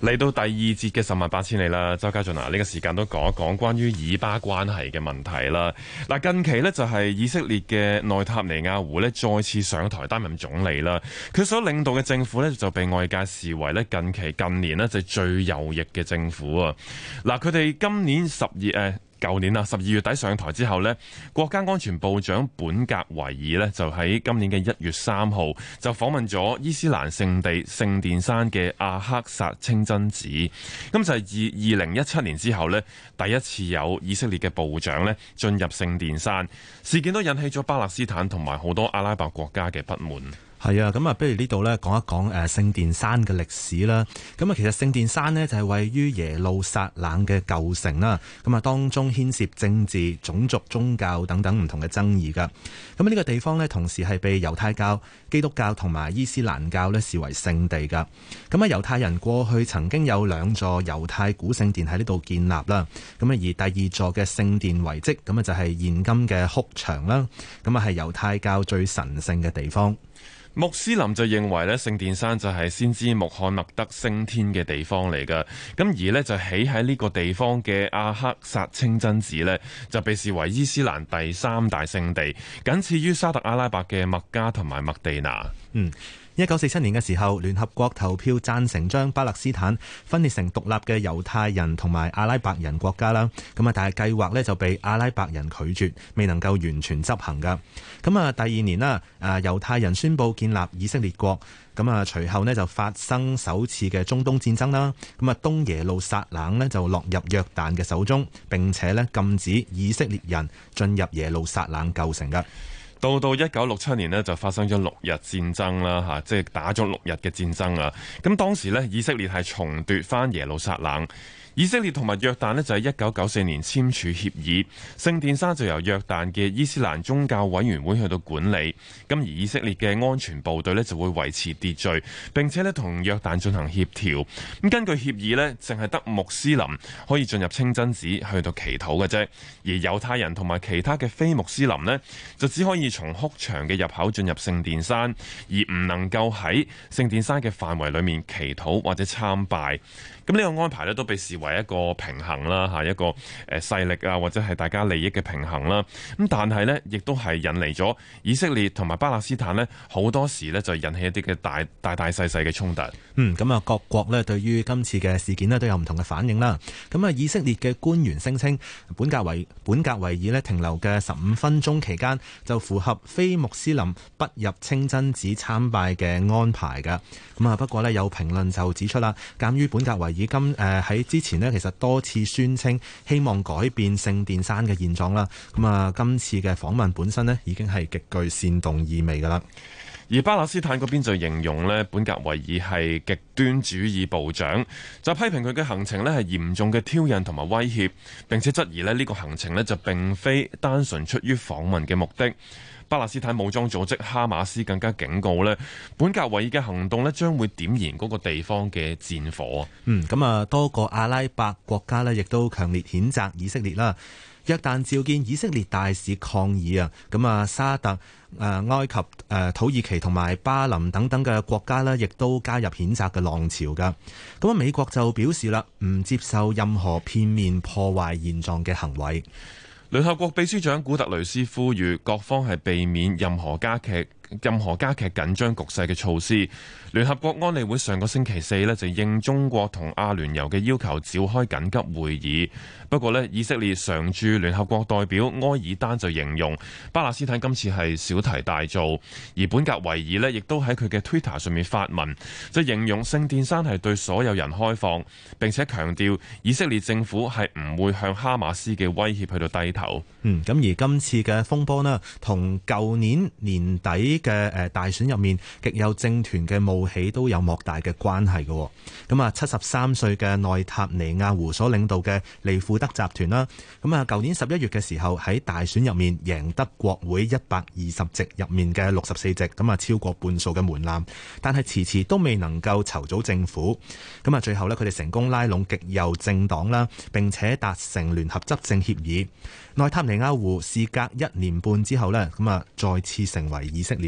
嚟到第二節嘅十萬八千里啦，周家俊啊，呢個時間都講一講關於以巴關係嘅問題啦。嗱，近期呢，就係以色列嘅內塔尼亞胡呢，再次上台擔任總理啦，佢所領導嘅政府呢，就被外界視為咧近期近年呢，就係最右翼嘅政府啊。嗱，佢哋今年十月。誒。舊年啦，十二月底上台之後咧，國家安全部長本格維爾咧就喺今年嘅一月三號就訪問咗伊斯蘭聖地聖殿山嘅阿克薩清真寺，咁就係二二零一七年之後咧第一次有以色列嘅部長咧進入聖殿山，事件都引起咗巴勒斯坦同埋好多阿拉伯國家嘅不滿。係啊，咁啊，不如呢度咧講一講誒聖殿山嘅歷史啦。咁啊，其實聖殿山呢就係位於耶路撒冷嘅舊城啦。咁啊，當中牽涉政治、種族、宗教等等唔同嘅爭議噶。咁啊，呢個地方呢，同時係被猶太教、基督教同埋伊斯蘭教呢視為聖地噶。咁啊，猶太人過去曾經有兩座猶太古聖殿喺呢度建立啦。咁啊，而第二座嘅聖殿遺迹咁啊，就係現今嘅哭牆啦。咁啊，係猶太教最神聖嘅地方。穆斯林就認為咧，聖殿山就係先知穆罕默德升天嘅地方嚟㗎，咁而呢，就起喺呢個地方嘅阿克薩清真寺呢，就被視為伊斯蘭第三大聖地，僅次於沙特阿拉伯嘅麥加同埋麥地那。嗯。一九四七年嘅時候，聯合國投票贊成將巴勒斯坦分裂成獨立嘅猶太人同埋阿拉伯人國家啦。咁啊，但係計劃呢就被阿拉伯人拒絕，未能夠完全執行噶。咁啊，第二年啦，猶太人宣佈建立以色列國。咁啊，隨後呢就發生首次嘅中東戰爭啦。咁啊，東耶路撒冷呢就落入約旦嘅手中，並且呢禁止以色列人進入耶路撒冷舊城噶。到到一九六七年呢，就發生咗六日戰爭啦，吓，即係打咗六日嘅戰爭啊！咁當時呢，以色列係重奪返耶路撒冷。以色列同埋約旦呢，就喺一九九四年簽署協議，聖殿山就由約旦嘅伊斯蘭宗教委員會去到管理，咁而以色列嘅安全部隊呢，就會維持秩序，並且呢同約旦進行協調。咁根據協議呢，淨係得穆斯林可以進入清真寺去到祈禱嘅啫，而猶太人同埋其他嘅非穆斯林呢，就只可以從哭牆嘅入口進入聖殿山，而唔能夠喺聖殿山嘅範圍裏面祈禱或者參拜。咁呢個安排呢都被視為一個平衡啦吓，一個誒勢力啊或者係大家利益嘅平衡啦。咁但係呢，亦都係引嚟咗以色列同埋巴勒斯坦呢，好多時呢就引起一啲嘅大、大大大細細嘅衝突。嗯，咁啊，各國呢對於今次嘅事件呢，都有唔同嘅反應啦。咁啊，以色列嘅官員聲稱，本格維本格維爾呢停留嘅十五分鐘期間就符合非穆斯林不入清真寺參拜嘅安排㗎。咁啊，不過呢，有評論就指出啦，鑑於本格維以今誒喺、呃、之前呢，其實多次宣稱希望改變聖殿山嘅現狀啦。咁、嗯、啊，今次嘅訪問本身呢，已經係極具煽動意味噶啦。而巴勒斯坦嗰邊就形容呢本格維爾係極端主義部長，就批評佢嘅行程呢係嚴重嘅挑釁同埋威脅，並且質疑咧呢個行程呢就並非單純出於訪問嘅目的。巴勒斯坦武裝組織哈馬斯更加警告呢本格維爾嘅行動呢將會點燃嗰個地方嘅戰火。嗯，咁啊，多個阿拉伯國家呢亦都強烈譴責以色列啦。約旦召見以色列大使抗議啊，咁啊，沙特、埃及、土耳其同埋巴林等等嘅國家呢亦都加入譴責嘅浪潮㗎。咁啊，美國就表示啦，唔接受任何片面破壞現狀嘅行為。聯合國秘書長古特雷斯呼籲各方係避免任何加劇。任何加劇緊張局勢嘅措施，聯合國安理會上個星期四呢就應中國同阿聯酋嘅要求召開緊急會議。不過呢，以色列常駐聯合國代表埃爾丹就形容巴勒斯坦今次係小題大做，而本格維爾呢亦都喺佢嘅 Twitter 上面發文，就形容聖殿山係對所有人開放，並且強調以色列政府係唔會向哈馬斯嘅威脅去到低頭。嗯，咁而今次嘅風波呢，同舊年年底嘅誒大選入面，極右政團嘅冒起都有莫大嘅關係嘅，哦。咁啊，七十三歲嘅內塔尼亞胡所領導嘅利庫德集團啦，咁啊，舊年十一月嘅時候喺大選入面贏得國會一百二十席入面嘅六十四席，咁啊超過半數嘅門檻，但係遲遲都未能夠籌組政府。咁啊，最後咧佢哋成功拉攏極右政黨啦，並且達成聯合執政協議，內塔尼亞胡事隔一年半之後咧，咁啊再次成為以色列。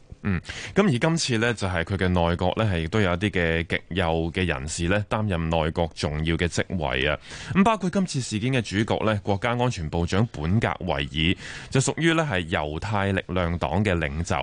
嗯，咁而今次咧就係佢嘅內閣咧係亦都有一啲嘅極右嘅人士咧擔任內閣重要嘅職位啊，咁包括今次事件嘅主角咧，國家安全部長本格維爾就屬於咧係猶太力量黨嘅領袖，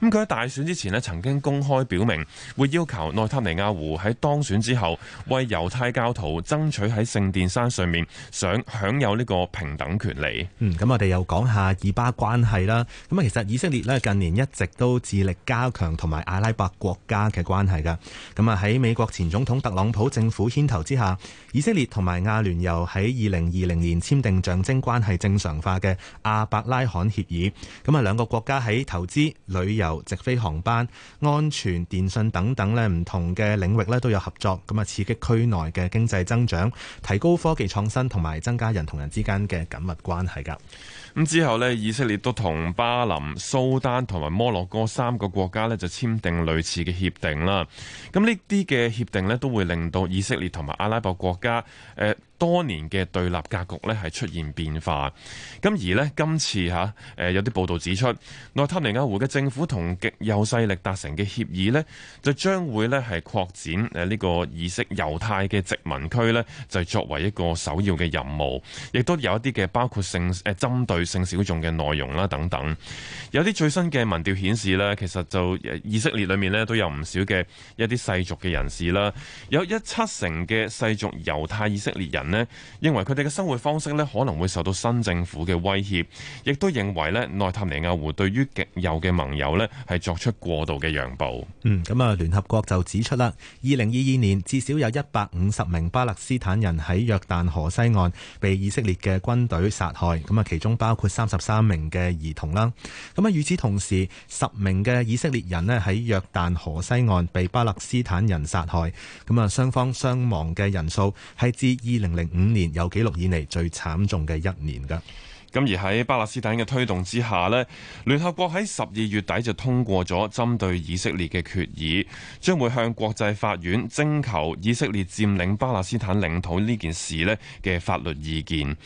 咁佢喺大選之前咧曾經公開表明會要求內塔尼亞胡喺當選之後為猶太教徒爭取喺聖殿山上面想享有呢個平等權利。嗯，咁我哋又講下以巴關係啦，咁啊其實以色列咧近年一直都致力加強同埋阿拉伯國家嘅關係嘅，咁啊喺美國前總統特朗普政府牽頭之下，以色列同埋阿聯酋喺二零二零年簽訂象徵關係正常化嘅《亞伯拉罕協議》，咁啊兩個國家喺投資、旅遊、直飛航班、安全、電信等等咧唔同嘅領域咧都有合作，咁啊刺激區內嘅經濟增長，提高科技創新同埋增加人同人之間嘅緊密關係噶。咁之後呢，以色列都同巴林、蘇丹同埋摩洛哥三個國家呢就簽訂類似嘅協定啦。咁呢啲嘅協定呢，都會令到以色列同埋阿拉伯國家，呃多年嘅對立格局咧，係出現變化。咁而咧，今次吓、啊、誒、呃、有啲報道指出，內塔尼亞胡嘅政府同極右勢力達成嘅協議咧，就將會咧係擴展誒呢個以色猶太嘅殖民區咧，就作為一個首要嘅任務，亦都有一啲嘅包括性誒針、呃、對性小眾嘅內容啦等等。有啲最新嘅民調顯示咧，其實就以色列裏面咧都有唔少嘅一啲世俗嘅人士啦，有一七成嘅世俗猶太以色列人。咧認為佢哋嘅生活方式咧可能會受到新政府嘅威脅，亦都認為咧內塔尼亞胡對於極右嘅盟友咧係作出過度嘅讓步。嗯，咁啊聯合國就指出啦，二零二二年至少有一百五十名巴勒斯坦人喺約旦河西岸被以色列嘅軍隊殺害，咁啊其中包括三十三名嘅兒童啦。咁啊與此同時，十名嘅以色列人咧喺約旦河西岸被巴勒斯坦人殺害，咁啊雙方傷亡嘅人數係至二零零五年有記錄以嚟最慘重嘅一年㗎。咁而喺巴勒斯坦嘅推動之下呢，聯合國喺十二月底就通過咗針對以色列嘅決議，將會向國際法院徵求以色列佔領巴勒斯坦領土呢件事呢嘅法律意見。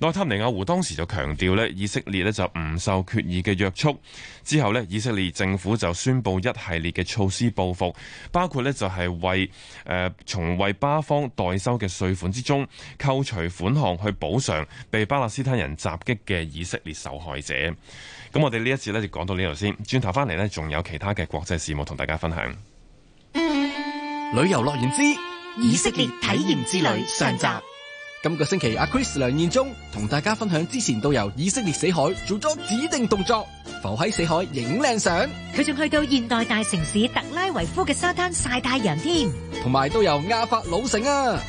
內塔尼亞胡當時就強調呢，以色列呢就唔受決議嘅約束。之後呢以色列政府就宣佈一系列嘅措施報復，包括呢就係為誒、呃、從為巴方代收嘅稅款之中扣除款項去補償被巴勒斯坦人襲擊嘅以色列受害者，咁我哋呢一次咧就講到呢度先，轉頭翻嚟呢，仲有其他嘅國際事務同大家分享。旅遊樂園之以色列體驗之旅上集，上載今個星期阿 Chris 梁燕忠同大家分享之前導遊以色列死海做咗指定動作，浮喺死海影靚相，佢仲去到現代大城市特拉維夫嘅沙灘曬太陽添，同埋都由亞法老城啊。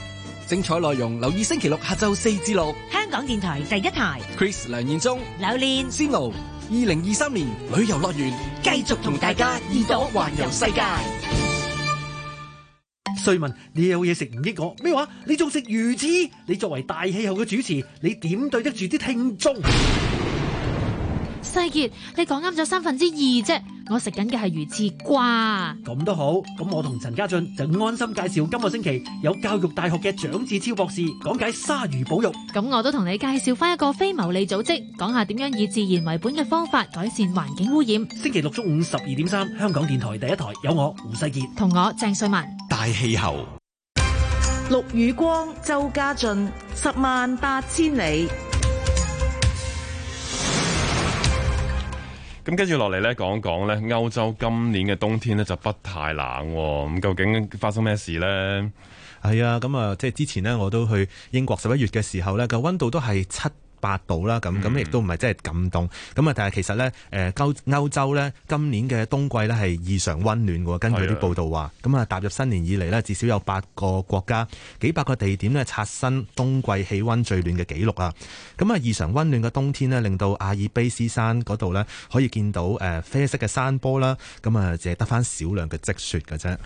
精彩內容，留意星期六下晝四至六，香港電台第一台。Chris 梁彥宗，柳念，Cino，二零二三年旅遊樂園，繼續同大家耳朵環遊世界。衰文，你有嘢食唔益我咩話？你仲食魚翅？你作為大氣候嘅主持，你點對得住啲聽眾？細杰，你講啱咗三分之二啫。我食緊嘅係魚翅瓜，咁都好。咁我同陳家俊就安心介紹今個星期有教育大學嘅蔣志超博士講解鯊魚保育。咁我都同你介紹翻一個非牟利組織，講下點樣以自然為本嘅方法改善環境污染。星期六中午十二點三，3, 香港電台第一台有我胡世杰同我鄭瑞文。大氣候，陸宇光，周家俊，十萬八千里。咁跟住落嚟咧，講講咧歐洲今年嘅冬天咧就不太冷，咁究竟發生咩事咧？係啊，咁啊，即係之前咧，我都去英國十一月嘅時候咧，個溫度都係七。八度啦，咁咁亦都唔係真係咁凍咁啊。Mm hmm. 但係其實呢，誒，歐歐洲呢，今年嘅冬季呢係異常溫暖嘅。根據啲報道話，咁啊的踏入新年以嚟呢，至少有八個國家幾百個地點呢，刷新冬季氣溫最暖嘅紀錄啊。咁啊異常溫暖嘅冬天呢，令到阿爾卑斯山嗰度呢，可以見到誒啡色嘅山坡啦。咁啊，淨係得翻少量嘅積雪㗎啫。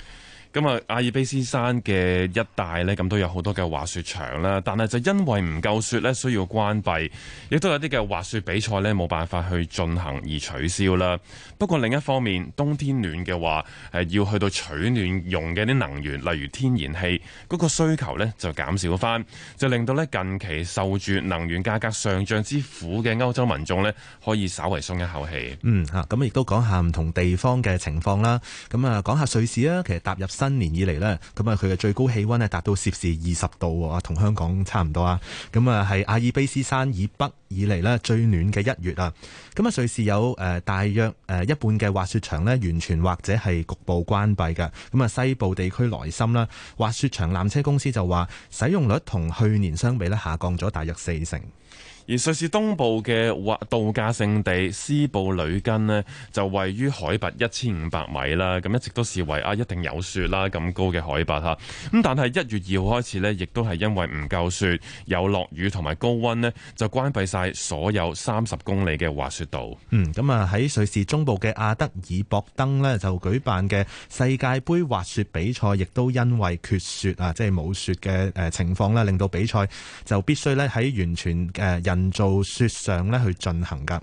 咁啊，阿爾卑斯山嘅一帶咧，咁都有好多嘅滑雪場啦。但係就因為唔夠雪咧，需要關閉，亦都有啲嘅滑雪比賽咧冇辦法去進行而取消啦。不過另一方面，冬天暖嘅話誒要去到取暖用嘅啲能源，例如天然氣嗰個需求咧，就減少翻，就令到咧近期受住能源價格上漲之苦嘅歐洲民眾咧，可以稍微鬆一口氣嗯，吓、嗯，咁亦都講下唔同地方嘅情況啦。咁啊，講下瑞士啦，其實踏入。新年以嚟咧，咁啊佢嘅最高氣溫咧達到攝氏二十度，啊同香港差唔多啊。咁啊，係阿爾卑斯山以北以嚟咧最暖嘅一月啊。咁啊，瑞士有誒大約誒一半嘅滑雪場咧完全或者係局部關閉嘅。咁啊，西部地區內心啦，滑雪場纜車公司就話使用率同去年相比咧下降咗大約四成。而瑞士東部嘅滑度假勝地斯布里根呢，就位於海拔一千五百米啦。咁一直都視為啊一定有雪啦咁高嘅海拔哈。咁但係一月二號開始呢，亦都係因為唔夠雪、有落雨同埋高温呢，就關閉晒所有三十公里嘅滑雪道。嗯，咁啊喺瑞士中部嘅阿德爾博登呢，就舉辦嘅世界盃滑雪比賽，亦都因為缺雪啊，即係冇雪嘅誒情況啦，令到比賽就必須咧喺完全誒、呃人造雪上咧去進行噶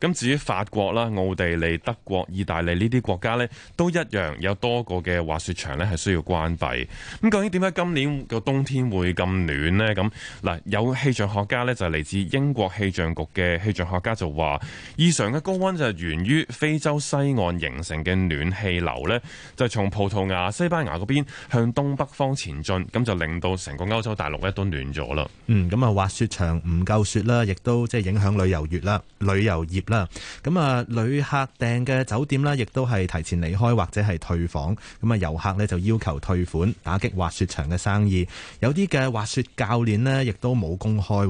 咁至於法國啦、奧地利、德國、意大利呢啲國家咧，都一樣有多個嘅滑雪場咧係需要關閉。咁究竟點解今年個冬天會咁暖咧？咁，嗱，有氣象學家咧就嚟自英國氣象局嘅氣象學家就話，異常嘅高溫就係源於非洲西岸形成嘅暖氣流咧，就從葡萄牙、西班牙嗰邊向東北方前進，咁就令到成個歐洲大陸咧都暖咗啦。嗯，咁啊，滑雪場唔夠雪。啦，亦都即係影響旅遊業啦，旅遊業啦。咁啊，旅客訂嘅酒店啦，亦都係提前離開或者係退房。咁啊，遊客呢，就要求退款，打擊滑雪場嘅生意。有啲嘅滑雪教練呢，亦都冇公開。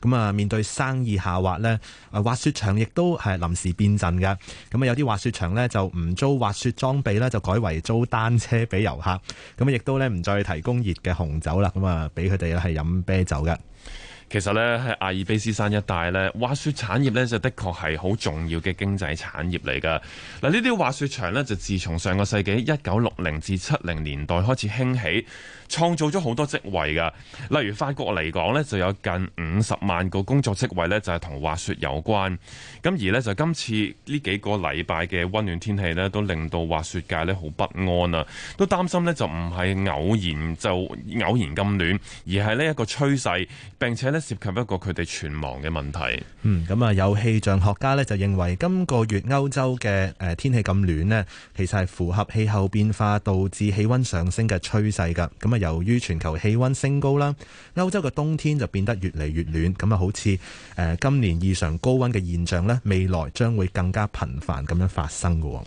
咁啊，面對生意下滑呢，滑雪場亦都係臨時變陣㗎。咁啊，有啲滑雪場呢，就唔租滑雪裝備啦，就改為租單車俾遊客。咁啊，亦都呢，唔再提供熱嘅紅酒啦。咁啊，俾佢哋係飲啤酒嘅。其實咧喺阿爾卑斯山一帶咧，滑雪產業咧就的確係好重要嘅經濟產業嚟㗎。嗱，呢啲滑雪場咧就自從上個世紀一九六零至七零年代開始興起，創造咗好多職位噶，例如法國嚟講呢就有近五十萬個工作職位呢就係同滑雪有關。咁而呢，就今次呢幾個禮拜嘅溫暖天氣呢都令到滑雪界呢好不安啊，都擔心呢，就唔係偶然就偶然咁暖，而係呢一個趨勢，並且呢涉及一個佢哋存亡嘅問題。嗯，咁啊有氣象學家呢就認為，今個月歐洲嘅誒天氣咁暖呢，其實係符合氣候變化導致氣溫上升嘅趨勢噶。咁啊～由於全球氣温升高啦，歐洲嘅冬天就變得越嚟越暖，咁啊好似誒今年異常高温嘅現象咧，未來將會更加頻繁咁樣發生嘅。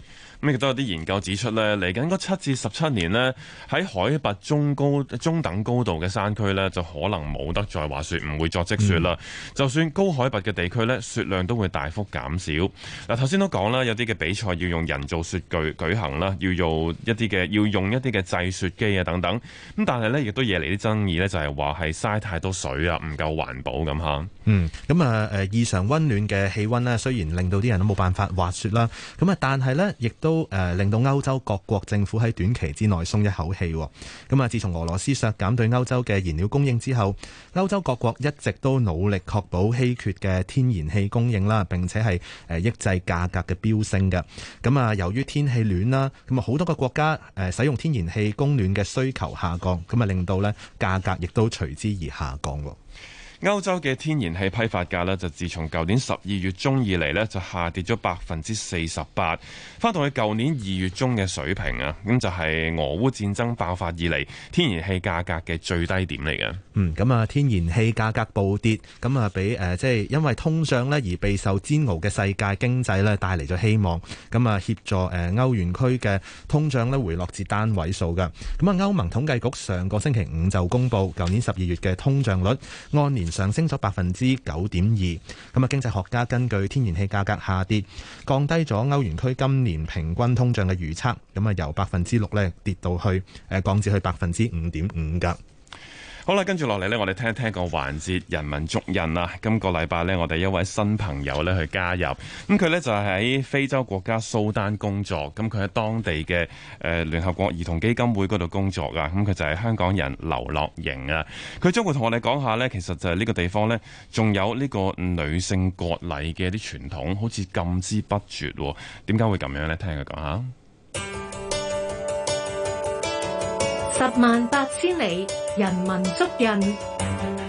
咁亦都有啲研究指出咧，嚟緊嗰七至十七年咧，喺海拔中高、中等高度嘅山區咧，就可能冇得再滑雪，唔會作積雪啦。嗯、就算高海拔嘅地區咧，雪量都會大幅減少。嗱，頭先都講啦，有啲嘅比賽要用人造雪具舉行啦，要用一啲嘅要用一啲嘅製雪機啊等等。咁但係咧，亦都惹嚟啲爭議咧，就係話係嘥太多水啊，唔夠環保咁吓。嗯，咁啊誒異常溫暖嘅氣溫咧，雖然令到啲人都冇辦法滑雪啦，咁啊，但係咧，亦都都誒令到歐洲各國政府喺短期之內鬆一口氣，咁啊自從俄羅斯削減對歐洲嘅燃料供應之後，歐洲各國一直都努力確保稀缺嘅天然氣供應啦，並且係誒抑制價格嘅飆升嘅。咁啊由於天氣暖啦，咁啊好多個國家誒使用天然氣供暖嘅需求下降，咁啊令到咧價格亦都隨之而下降。歐洲嘅天然氣批發價咧，就自從舊年十二月中以嚟咧，就下跌咗百分之四十八，翻到去舊年二月中嘅水平啊！咁就係、是、俄烏戰爭爆發以嚟天然氣價格嘅最低點嚟嘅。嗯，咁啊，天然氣價格暴跌，咁啊俾誒即係因為通脹咧而備受煎熬嘅世界經濟咧帶嚟咗希望，咁啊協助誒歐元區嘅通脹咧回落至單位數㗎。咁啊，歐盟統計局上個星期五就公布舊年十二月嘅通脹率按年，上升咗百分之九點二，咁啊經濟學家根據天然氣價格下跌，降低咗歐元區今年平均通脹嘅預測，咁啊由百分之六咧跌到去誒降至去百分之五點五噶。好啦，跟住落嚟呢，我哋聽一聽個環節《人文足印》啊！今個禮拜呢，我哋一位新朋友呢去加入，咁、嗯、佢呢，就喺、是、非洲國家蘇丹工作，咁佢喺當地嘅誒聯合國兒童基金會嗰度工作啊，咁、嗯、佢就係香港人劉樂瑩啊，佢、嗯、將會同我哋講下呢，其實就係呢個地方呢，仲有呢個女性割禮嘅啲傳統，好似禁之不絕，哦，點解會咁樣呢？聽佢講下。十萬八千里，人文足印。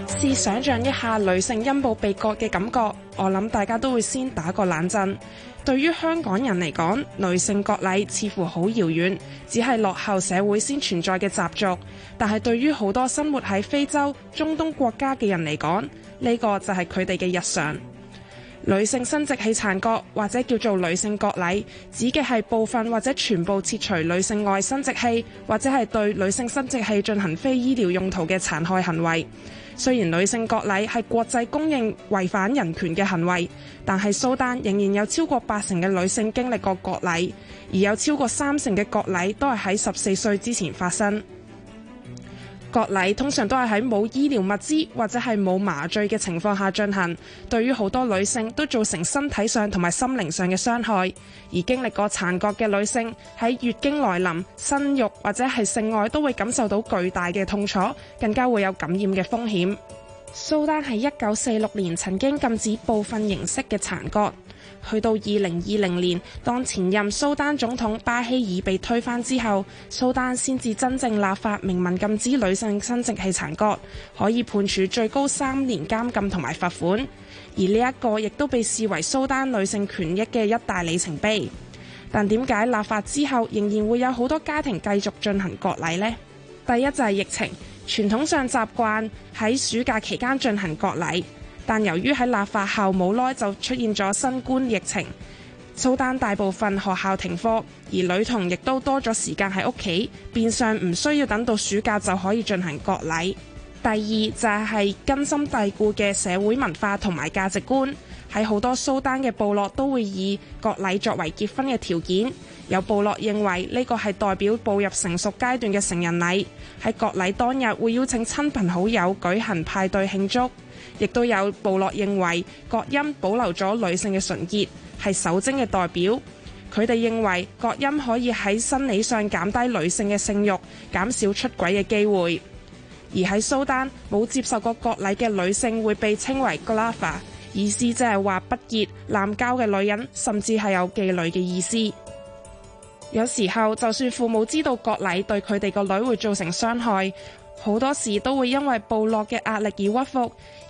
試想象一下女性陰部被割嘅感覺，我諗大家都會先打個冷震。對於香港人嚟講，女性割禮似乎好遙遠，只係落後社會先存在嘅習俗。但係對於好多生活喺非洲、中東國家嘅人嚟講，呢個就係佢哋嘅日常。女性生殖器殘割或者叫做女性割禮，指嘅係部分或者全部切除女性外生殖器，或者係對女性生殖器進行非醫療用途嘅殘害行為。雖然女性割禮係國際公認違反人權嘅行為，但係蘇丹仍然有超過八成嘅女性經歷過割禮，而有超過三成嘅割禮都係喺十四歲之前發生。割禮通常都係喺冇醫療物資或者係冇麻醉嘅情況下進行，對於好多女性都造成身體上同埋心靈上嘅傷害。而經歷過殘割嘅女性喺月經來臨、生育或者係性愛都會感受到巨大嘅痛楚，更加會有感染嘅風險。蘇丹喺一九四六年曾經禁止部分形式嘅殘割。去到二零二零年，當前任蘇丹總統巴希爾被推翻之後，蘇丹先至真正立法明文禁止女性生殖器殘割，可以判處最高三年監禁同埋罰款。而呢一個亦都被視為蘇丹女性權益嘅一大里程碑。但點解立法之後仍然會有好多家庭繼續進行割禮呢？第一就係疫情，傳統上習慣喺暑假期間進行割禮。但由於喺立法後冇耐就出現咗新冠疫情，蘇丹大部分學校停課，而女童亦都多咗時間喺屋企，變相唔需要等到暑假就可以進行割禮。第二就係根深蒂固嘅社會文化同埋價值觀，喺好多蘇丹嘅部落都會以割禮作為結婚嘅條件。有部落認為呢個係代表步入成熟階段嘅成人禮，喺割禮當日會邀請親朋好友舉行派對慶祝。亦都有部落認為割陰保留咗女性嘅純潔，係守貞嘅代表。佢哋認為割陰可以喺生理上減低女性嘅性慾，減少出軌嘅機會。而喺蘇丹，冇接受過割禮嘅女性會被稱為 Ghalfa，意思就係話不潔、濫交嘅女人，甚至係有妓女嘅意思。有時候，就算父母知道割禮對佢哋個女會造成傷害，好多時都會因為部落嘅壓力而屈服，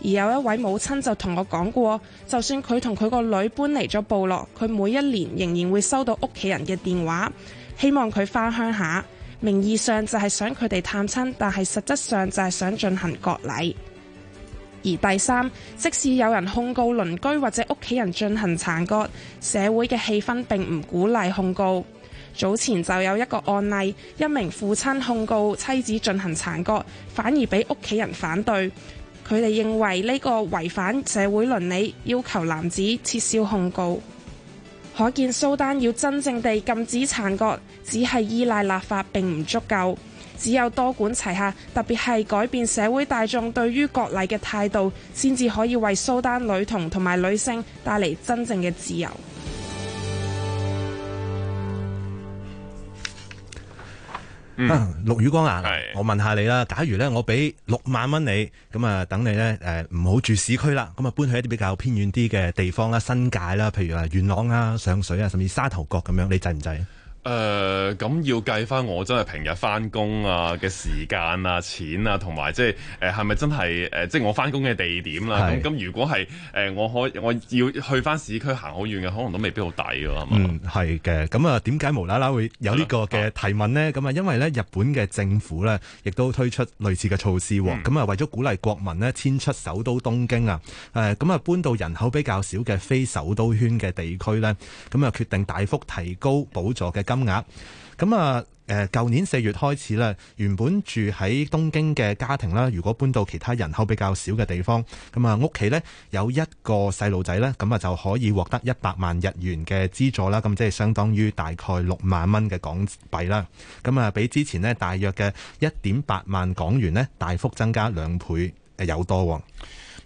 而有一位母親就同我講過，就算佢同佢個女搬離咗部落，佢每一年仍然會收到屋企人嘅電話，希望佢返鄉下。名義上就係想佢哋探親，但係實質上就係想進行割禮。而第三，即使有人控告鄰居或者屋企人進行殘割，社會嘅氣氛並唔鼓勵控告。早前就有一個案例，一名父親控告妻子進行殘割，反而俾屋企人反對。佢哋認為呢個違反社會倫理，要求男子撤銷控告。可見蘇丹要真正地禁止殘割，只係依賴立法並唔足夠，只有多管齊下，特別係改變社會大眾對於割禮嘅態度，先至可以為蘇丹女童同埋女性帶嚟真正嘅自由。嗯，啊、陸宇光啊，我問下你啦，是假如咧我俾六萬蚊你，咁啊等你咧誒唔好住市區啦，咁啊搬去一啲比較偏遠啲嘅地方啦，新界啦，譬如話元朗啊、上水啊，甚至沙頭角咁樣，你制唔制？誒，咁、呃、要計翻我真係平日翻工啊嘅時間啊、錢啊，同埋即係誒，係、呃、咪真係誒，即、呃、係、就是、我翻工嘅地點啦、啊？咁咁是，如果係誒、呃，我可以我要去翻市區行好遠嘅，可能都未必好抵嘅，係嘛、嗯？係嘅。咁啊，點解無啦啦會有呢個嘅提問呢？咁啊，因為咧日本嘅政府咧，亦都推出類似嘅措施，咁啊、嗯、為咗鼓勵國民呢，遷出首都東京啊，誒，咁啊搬到人口比較少嘅非首都圈嘅地區咧，咁啊決定大幅提高補助嘅金。金額咁啊，誒，舊年四月開始咧，原本住喺東京嘅家庭啦，如果搬到其他人口比較少嘅地方，咁啊，屋企咧有一個細路仔咧，咁啊就可以獲得一百萬日元嘅資助啦，咁即係相當於大概六萬蚊嘅港幣啦，咁啊，比之前呢，大約嘅一點八萬港元咧大幅增加兩倍誒有多。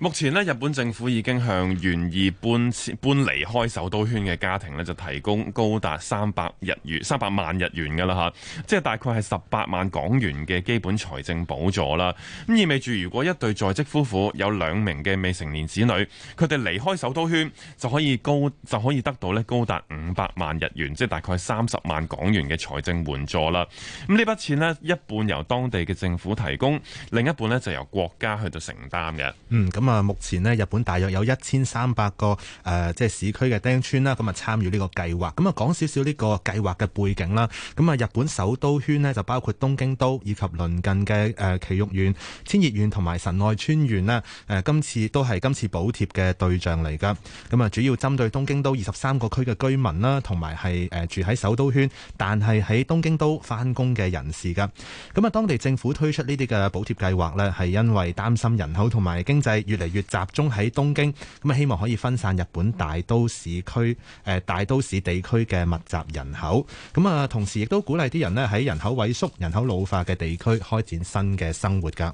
目前呢，日本政府已經向願意搬搬離開首都圈嘅家庭呢就提供高達三百日元、三百萬日元嘅啦嚇，即係大概係十八萬港元嘅基本財政補助啦。咁意味住，如果一對在職夫婦有兩名嘅未成年子女，佢哋離開首都圈就可以高就可以得到呢高達五百萬日元，即係大概三十萬港元嘅財政援助啦。咁呢筆錢呢，一半由當地嘅政府提供，另一半呢就由國家去到承擔嘅。嗯，咁啊，目前呢，日本大約有一千三百個誒，即係市區嘅町村啦，咁啊參與呢個計劃。咁啊講少少呢個計劃嘅背景啦。咁啊日本首都圈呢，就包括東京都以及鄰近嘅誒埼玉縣、千葉縣同埋神奈川縣啦。誒今次都係今次補貼嘅對象嚟㗎。咁啊主要針對東京都二十三個區嘅居民啦，同埋係住喺首都圈但係喺東京都翻工嘅人士㗎。咁啊當地政府推出呢啲嘅補貼計劃呢，係因為擔心人口同埋經濟越越集中喺東京，咁啊希望可以分散日本大都市區、誒大都市地區嘅密集人口。咁啊，同時亦都鼓勵啲人咧喺人口萎縮、人口老化嘅地區開展新嘅生活㗎。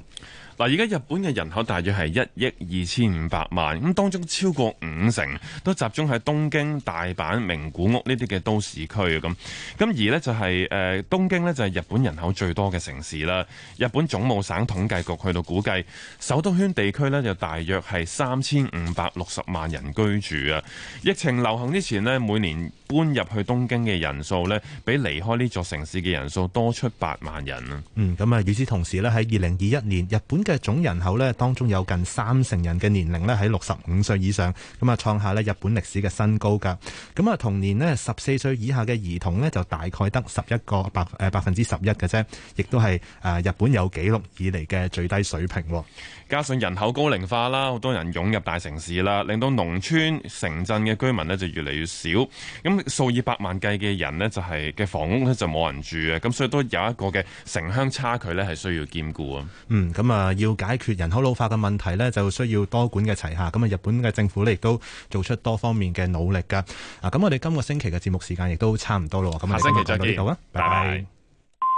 嗱，而家日本嘅人口大約係一億二千五百萬，咁當中超過五成都集中喺東京、大阪、名古屋呢啲嘅都市區。咁咁而呢就係、是、誒、呃、東京呢就係日本人口最多嘅城市啦。日本總務省統計局去到估計，首都圈地區呢就大約係三千五百六十萬人居住啊。疫情流行之前呢，每年，搬入去東京嘅人數咧，比離開呢座城市嘅人數多出八萬人。嗯，咁啊，與此同時咧，喺二零二一年，日本嘅總人口咧，當中有近三成人嘅年齡咧喺六十五歲以上，咁啊創下咧日本歷史嘅新高㗎。咁啊，同年咧十四歲以下嘅兒童呢，就大概得十一個百誒百分之十一嘅啫，亦都係誒日本有紀錄以嚟嘅最低水平。加上人口高齡化啦，好多人湧入大城市啦，令到農村、城鎮嘅居民呢就越嚟越少。咁數以百萬計嘅人呢，就係嘅房屋呢，就冇人住啊，咁所以都有一個嘅城鄉差距呢，係需要兼顧啊、嗯。嗯，咁、嗯、啊，要解決人口老化嘅問題呢，就需要多管嘅齊下。咁、嗯、啊，日本嘅政府呢，亦都做出多方面嘅努力噶。啊，咁、嗯、我哋今個星期嘅節目時間亦都差唔多咯。咁下星期再見到啊，拜拜。拜拜